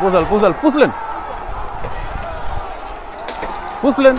puzzle, puzzle, puzzle, puzzle, Puzzlen.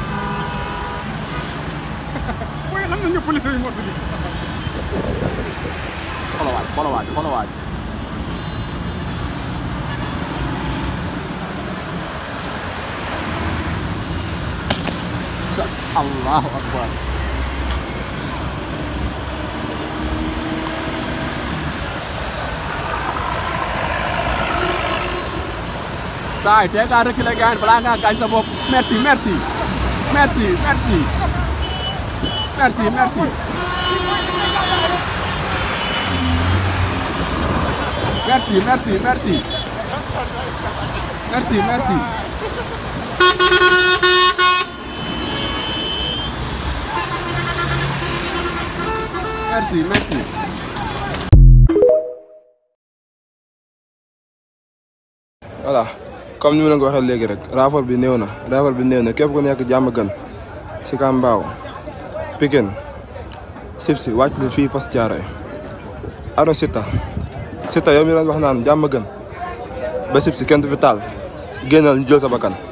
nga police yi moto bi xoolal waaj xoolal waaj xoolal waaj allahu akbar saay tey ngaa reculer gaañ balaa ngaa gaañ sa bopp merci merci merci merci merci merci. merci merci merci. merci merci. léegi rek raafal bi néew na raafal bi néew na képp ku nekk jàmm gën ci Kambaaw بيجن سيبسي وايت في باس تياري أنا ستة ستة يومي لأن احنا عن جام مجن بس سيبسي كنت فيتال جينا نجوز بكن